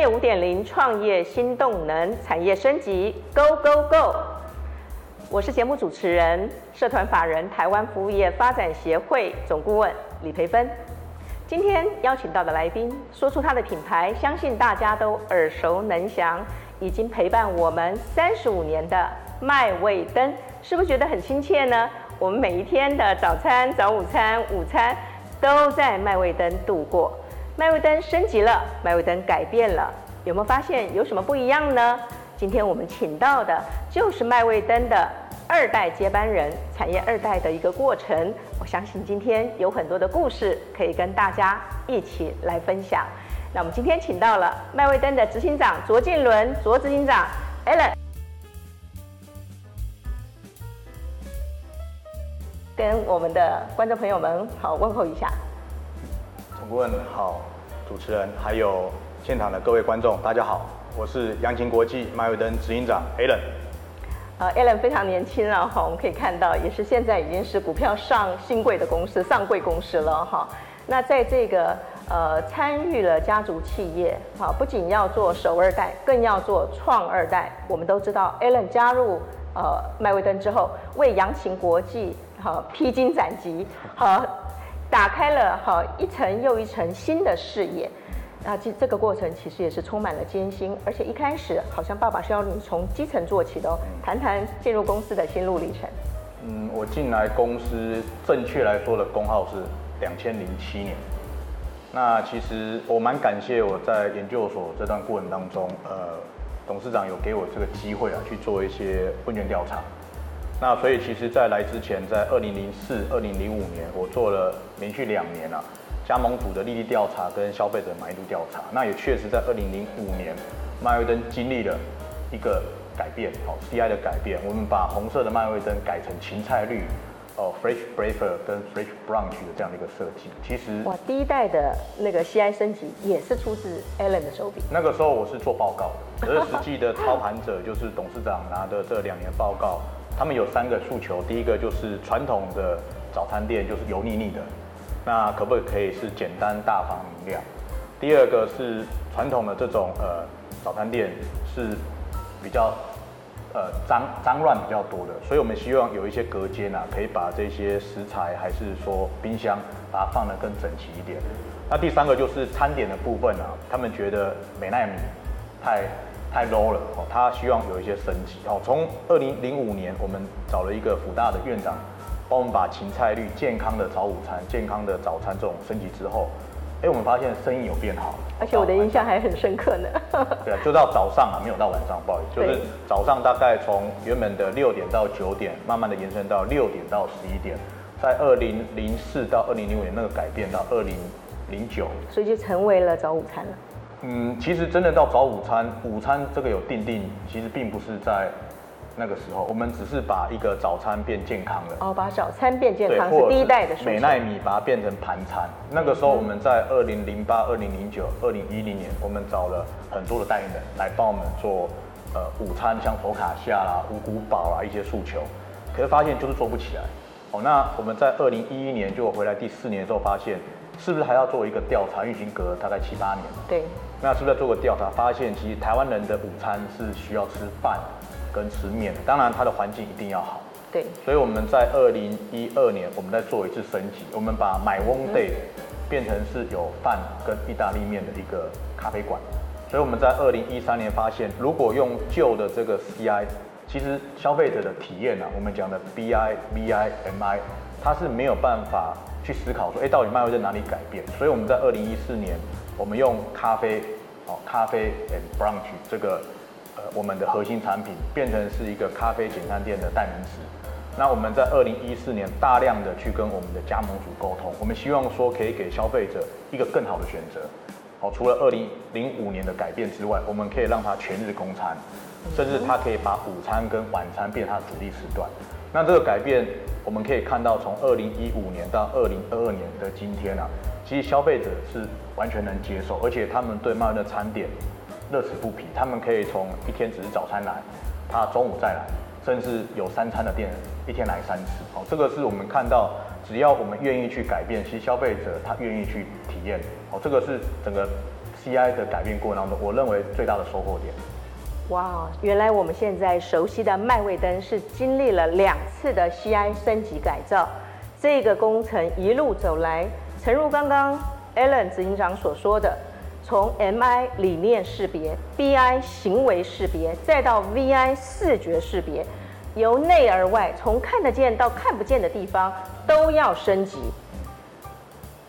業五點零，創業新動能，產業升級，Go Go Go！我是節目主持人、社團法人台灣服務業發展協會總顧問李培芬。今天邀請到的來賓，說出他的品牌，相信大家都耳熟能詳，已經陪伴我們三十五年的麥味登，是不是覺得很親切呢？我們每一天的早餐、早午餐、午餐，都在麥味登度過。麥味登升級了，麥味登改變了，有沒有發現有什麼不一樣呢？今天我們請到的就是麥味登的二代接班人，產業二代的一個過程。我相信今天有很多的故事可以跟大家一起來分享。那我們今天請到了麥味登的執行長卓靖倫，卓執行長，Allen，跟我們的觀眾朋友們好問候一下。主持人好。主持人還有現場的各位觀眾，大家好，我是揚秦國際麥味登執行長、uh, Alan。Alan 非常年輕了哈，我們可以看到，也是現在已經是股票上新櫃的公司、上櫃公司了哈。那在這個呃，參與了家族企業哈，不僅要做守二代，更要做創二代。我們都知道，Alan 加入呃麥味登之後，為揚秦國際好、呃、披荊斬棘好。呃打開了好一層又一層新的視野，那這這個過程其實也是充滿了艱辛，而且一開始好像爸爸是要你從基層做起的哦。談談進入公司的心路歷程。嗯，我進來公司，正確來說的工號是兩千零七年。那其實我蠻感謝我在研究所這段過程當中，呃，董事長有給我這個機會啊，去做一些問卷調查。那所以其實，在來之前，在二零零四、二零零五年，我做了連續兩年啊加盟組的利益調查跟消費者滿意度調查。那也確實在二零零五年，麥味登經歷了一個改變，哦，CI 的改變。我們把紅色的麥味登改成芹菜綠，哦，Fresh b r a f e r 跟 Fresh Brunch 的這樣的一個設計。其實哇，第一代的那個 CI 升級也是出自 Alan 的手筆。那個時候我是做報告的，而實際的操盤者就是董事長拿的這兩年報告。他們有三個訴求，第一個就是傳統的早餐店就是油膩膩的，那可不可以是簡單大方明亮？第二個是傳統的這種呃早餐店是比較呃髒髒亂比較多的，所以我們希望有一些隔間啊，可以把這些食材還是說冰箱把它放得更整齊一點。那第三個就是餐點的部分啊，他們覺得美奈米太。太 low 了，哦，他希望有一些升級，哦，從二零零五年，我們找了一個輔大的院長，幫我們把芹菜綠健康的早午餐、健康的早餐這種升級之後，哎、欸，我們發現生意有變好，而且我的印象還很深刻呢。 對啊，就到早上啊，沒有到晚上，不好意思，就是早上大概從原本的六點到九點，慢慢的延伸到六點到十一點，在二零零四到二零零五年那個改變到二零零九，所以就成為了早午餐了。嗯，其實真的到早午餐，午餐這個有定定，其實並不是在那個時候，我們只是把一個早餐變健康了。哦，把早餐變健康是第一代的時候。美奈米把它變成盤餐，的那個時候我們在二零零八、二零零九、二零一零年，我們找了很多的代言人來幫我們做呃午餐，像佛卡夏啦、五穀堡啊一些訴求，可是發現就是做不起來。哦，那我們在二零一一年就回來第四年的時候發現。是不是還要做一個調查？運行隔大概七八年，對，那是不是要做個調查？發現其實台灣人的午餐是需要吃飯跟吃麵的，當然它的環境一定要好，對。所以我們在二零一二年，我們再做一次升級，我們把麥味登變成是有飯跟意大利麵的一個咖啡館。所以我們在二零一三年發現，如果用舊的這個 CI，其實消費者的體驗啊，我們講的 BI, BI、VI、MI，它是沒有辦法。去思考說，哎，欸，到底麥味登在哪裡改變？所以我們在二零一四年，我們用咖啡，咖啡 and brunch 這個，呃，我們的核心產品好變成是一個咖啡簡餐店的代名詞。那我們在二零一四年大量的去跟我們的加盟主溝通，我們希望說可以給消費者一個更好的選擇。好，哦，除了二零零五年的改變之外，我們可以讓它全日供餐，甚至它可以把午餐跟晚餐變成它的主力時段。那這個改變，我們可以看到，從二零一五年到二零二二年的今天啊，其實消費者是完全能接受，而且他們對麥味登的餐點樂此不疲。他們可以從一天只是早餐來，他中午再來，甚至有三餐的店，一天來三次。好，這個是我們看到，只要我們願意去改變，其實消費者他願意去體驗。好，這個是整個 CI 的改變過程當中，我認為最大的收穫點。哇，wow，原來我們現在熟悉的麥味登是經歷了兩次的 CI 升級改造。這個工程一路走來，誠如剛剛 Allen 執行長所說的，從 MI 理念識別、BI 行為識別，再到 VI 視覺識別，由內而外，從看得見到看不見的地方都要升級。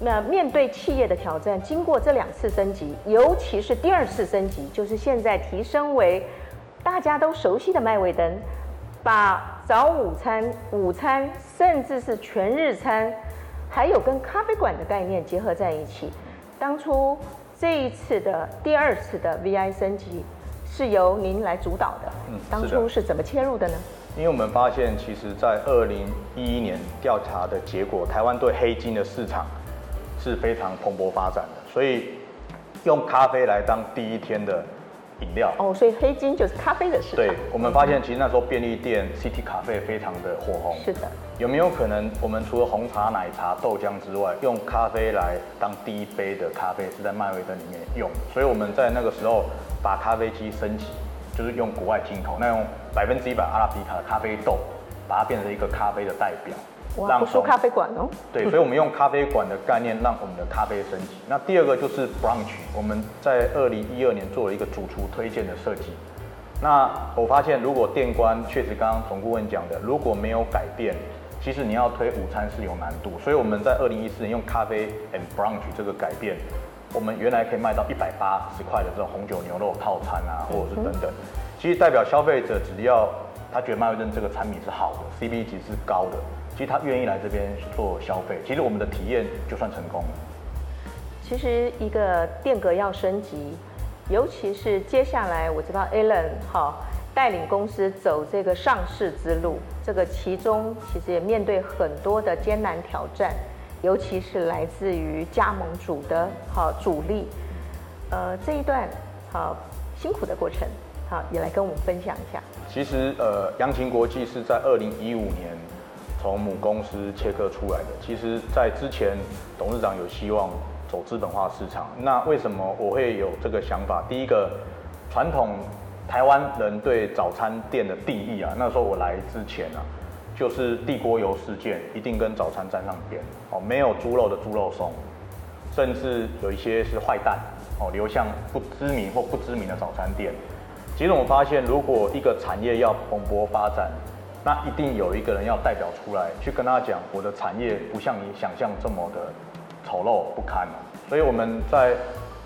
那面對企業的挑戰，經過這兩次升級，尤其是第二次升級，就是現在提升為大家都熟悉的麥味登，把早午餐、午餐甚至是全日餐，還有跟咖啡館的概念結合在一起。當初這一次的第二次的 VI 升級是由您來主導的，嗯，當初是怎麼切入的呢？因為我們發現，其實在二零一一年調查的結果，台灣對黑金的市場。是非常蓬勃發展的，所以用咖啡來當第一天的飲料哦，所以黑金就是咖啡的事。對，我們發現其實那時候便利店、嗯、哼 City 咖啡非常的火紅。是的，有沒有可能我們除了紅茶、奶茶、豆漿之外，用咖啡來當第一杯的咖啡是在麥味登裡面用？所以我們在那個時候把咖啡機升級，就是用國外進口，那用百分之一百阿拉比卡的咖啡豆，把它變成一個咖啡的代表。讓不輸咖啡館哦，對，所以我們用咖啡館的概念讓我們的咖啡升級。那第二個就是 brunch，我們在二零一二年做了一個主廚推薦的設計。那我發現，如果店官確實剛剛總顧問講的，如果沒有改變，其實你要推午餐是有難度。所以我們在二零一四年用咖啡 and brunch 這個改變，我們原來可以賣到一百八十塊的這種紅酒牛肉套餐啊，或者是等等，其實代表消費者只要。他覺得麥味登這個產品是好的，CP 值其實是高的，其實他願意來這邊做消費，其實我們的體驗就算成功了。其實一個店格要升級，尤其是接下來我知道 Alan 好帶領公司走這個上市之路，這個其中其實也面對很多的艱難挑戰，尤其是來自於加盟主的好阻力，呃這一段好辛苦的過程。好，也來跟我們分享一下。其實，呃，揚秦國際是在二零一五年從母公司切割出來的。其實，在之前，董事長有希望走資本化市場。那為什麼我會有這個想法？第一個，傳統台灣人對早餐店的定義啊，那時候我來之前啊，就是地溝油事件一定跟早餐沾上邊。哦，沒有豬肉的豬肉鬆，甚至有一些是壞蛋哦，流向不知名或不知名的早餐店。其實我發現，如果一個產業要蓬勃發展，那一定有一個人要代表出來，去跟他講，我的產業不像你想象這麼的醜陋不堪啊。所以我們在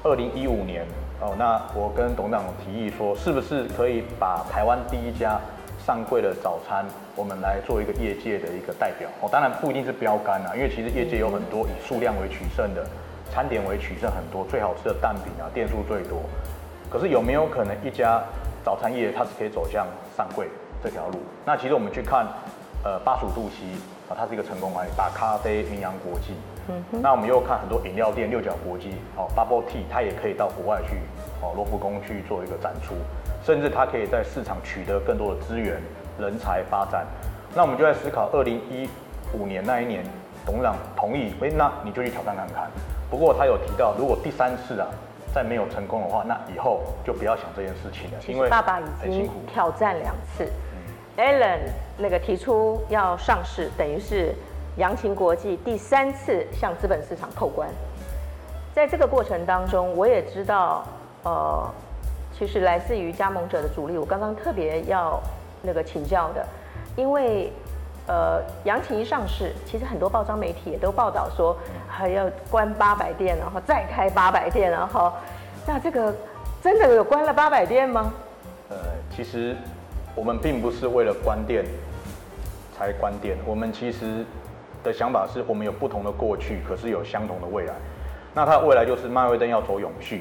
二零一五年，哦，那我跟董事長提議說，是不是可以把台灣第一家上櫃的早餐，我們來做一個業界的一個代表？哦，當然不一定是標杆啊，因為其實業界有很多以數量為取勝的，餐點為取勝很多，最好吃的蛋餅啊，店數最多。可是有沒有可能一家早餐業它是可以走向上櫃這條路？那其實我們去看，呃，85度 C 啊，它是一個成功案例，打咖啡，名揚國際。嗯哼那我們又看很多飲料店，六角國際，哦，Bubble Tea，它也可以到國外去，哦，羅浮宮去做一個展出，甚至它可以在市場取得更多的資源、人才發展。那我們就在思考，二零一五年那一年，董事長同意，欸，那你就去挑戰看看。不過他有提到，如果第三次啊。再沒有成功的話，那以後就不要想這件事情了。因為爸爸已經挑戰兩次 Alan 那個提出要上市，等於是揚秦國際第三次向資本市場叩關。在這個過程當中，我也知道，呃，其實來自於加盟者的阻力。我剛剛特別要那個請教的，因為呃，揚秦一上市，其實很多報章媒體也都報道說。還要關八百店，然後再開八百店，然後，那這個真的有關了八百店嗎？呃，其實我們並不是為了關店才關店，我們其實的想法是，我們有不同的過去，可是有相同的未來。那它的未來就是麥味登要走永續，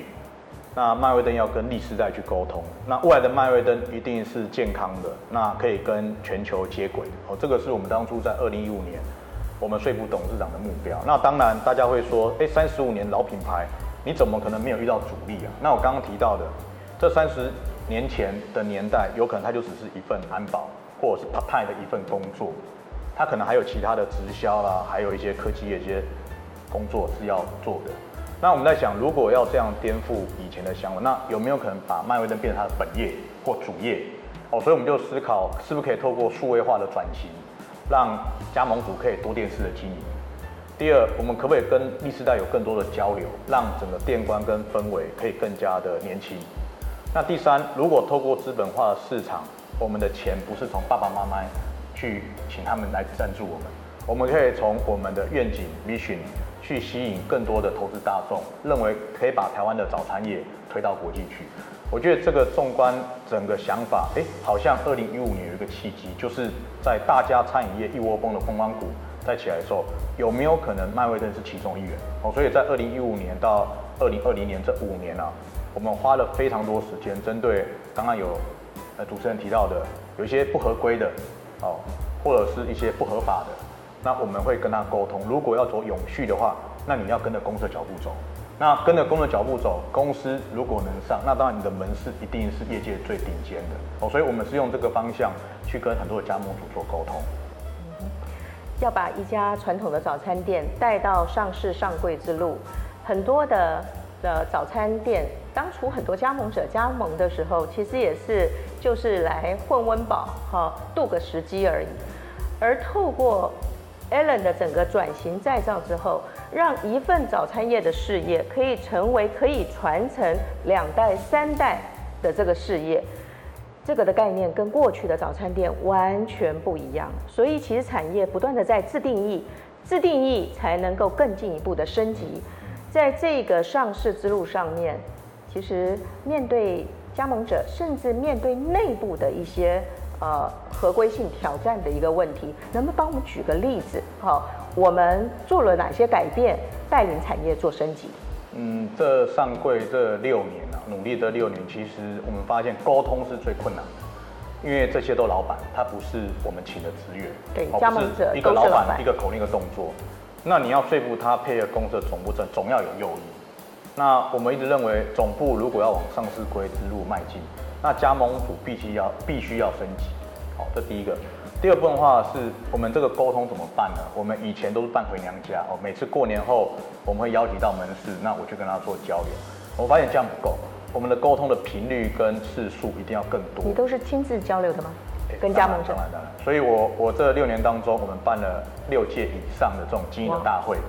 那麥味登要跟歷史再去溝通，那未來的麥味登一定是健康的，那可以跟全球接軌。哦，這個是我們當初在二零一五年。我們說服董事長的目標，那當然大家會說，哎，三十五年老品牌，你怎麼可能沒有遇到阻力啊？那我剛剛提到的這三十年前的年代，有可能它就只是一份安保或者是派的一份工作，它可能還有其他的直銷啦、啊，還有一些科技的一些工作是要做的。那我們在想，如果要這樣顛覆以前的想法，那有沒有可能把麥味登變成它的本業或主業？哦，所以我們就思考，是不是可以透過數位化的轉型？讓加盟主可以多店式的經營。第二，我們可不可以跟新世代有更多的交流，讓整個店觀跟氛圍可以更加的年輕？那第三，如果透過資本化的市場，我們的錢不是從爸爸媽媽去請他們來贊助我們，我們可以從我們的願景 mission 去吸引更多的投資大眾，認為可以把台灣的早餐業推到國際去。我覺得這個縱觀整個想法，哎，好像二零一五年有一個契機，就是在大家餐飲業一窩蜂的風光股在起來的時候，有沒有可能麥味登是其中一員？哦，所以在二零一五年到二零二零年這五年啊，我們花了非常多時間針對剛剛有呃主持人提到的，有一些不合規的哦，或者是一些不合法的，那我們會跟他溝通，如果要走永續的話，那你要跟着公社腳步走。那跟着工作的腳步走，公司如果能上，那當然你的門市一定是業界最頂尖的哦。所以我們是用這個方向去跟很多的加盟主做溝通。嗯，要把一家傳統的早餐店帶到上市上櫃之路，很多的的，呃，早餐店當初很多加盟者加盟的時候，其實也是就是來混溫飽，好，哦，度個時機而已。而透過艾倫的整個轉型再造之後，讓一份早餐業的事業可以成為可以傳承兩代三代的這個事業，這個的概念跟過去的早餐店完全不一樣。所以其實產業不斷的在自定義，自定義才能夠更進一步的升級。在這個上市之路上面，其實面對加盟者，甚至面對內部的一些。呃，合規性挑戰的一個問題，能不能幫我們舉個例子？哈，我們做了哪些改變，帶領產業做升級？嗯，這上櫃這六年啊，努力這六年，其實我們發現溝通是最困難的，因為這些都老板，他不是我們請的職員，對，加盟者，一個老板一個口令的動作，那你要說服他配合公司的工作總部長，總總要有誘因。那我們一直認為，總部如果要往上市櫃之路邁進。那加盟主必須要必須要升級，好、哦，這第一個。第二部分的話是我們這個溝通怎麼辦呢？我們以前都是辦回娘家，哦，每次過年後我們會邀請到門市，那我去跟他做交流。我發現這樣不夠，我們的溝通的頻率跟次數一定要更多。你都是親自交流的嗎？欸、跟加盟商。所以我，我我這六年當中，我們辦了六屆以上的這種經營的大會，哇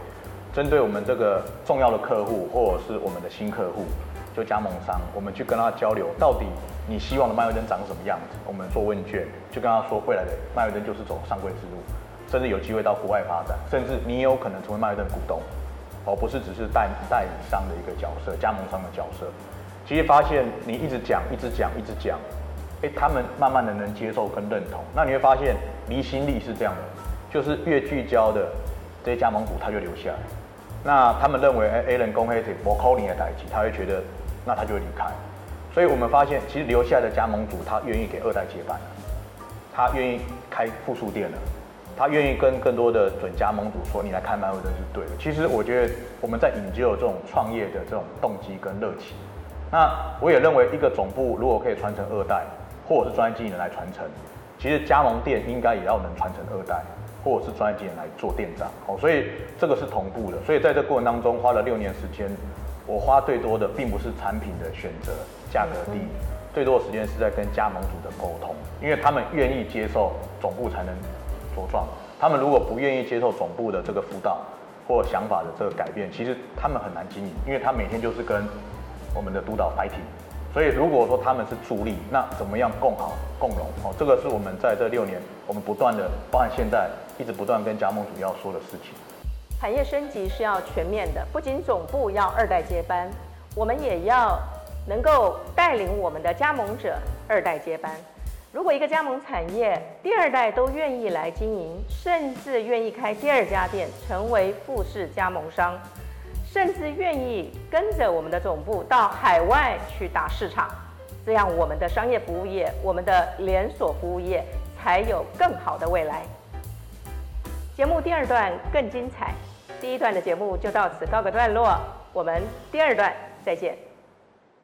針對我們這個重要的客戶或者是我們的新客戶，就加盟商，我們去跟他交流到底。你希望的麥味登長什麼樣子？我們做問卷，就跟他說未來的麥味登就是走上櫃之路，甚至有機會到國外發展，甚至你也有可能成為麥味登股東，而、哦、不是只是代代理商的一個角色、加盟商的角色。其實發現你一直講、一直講、一直講，哎、欸，他們慢慢的能接受跟認同。那你會發現離心力是這樣的，就是越聚焦的這些加盟股他就留下來。那他們認為哎，A、欸、人公黑隊不靠你的代誌，他會覺得那他就會離開。所以我們發現，其實留下來的加盟主他願意給二代接班了，他願意開複數店了，他願意跟更多的準加盟主說，你來開麥味登是對的。其實我覺得我們在引就這種創業的這種動機跟熱情。那我也認為一個總部如果可以傳承二代，或者是專業經營人來傳承，其實加盟店應該也要能傳承二代，或者是專業經營人來做店長。哦，所以這個是同步的。所以在這過程當中花了六年時間。我花最多的並不是產品的選擇，價格低，嗯，最多的時間是在跟加盟主的溝通，因為他們願意接受總部才能茁壯。他們如果不願意接受總部的這個輔導或想法的這個改變，其實他們很難經營，因為他每天就是跟我們的督導白品。所以如果說他們是助力，那怎麼樣共好共榮？哦，這個是我們在這六年我們不斷的，包含現在一直不斷跟加盟主要說的事情。產業升級是要全面的，不僅總部要二代接班，我們也要能夠帶領我們的加盟者二代接班。如果一個加盟產業第二代都願意來經營，甚至願意開第二家店成為複式加盟商，甚至願意跟着我們的總部到海外去打市場，這樣我們的商業服務業、我們的連鎖服務業才有更好的未來。節目第二段更精彩。第一段的節目就到此告個段落，我們第二段再見。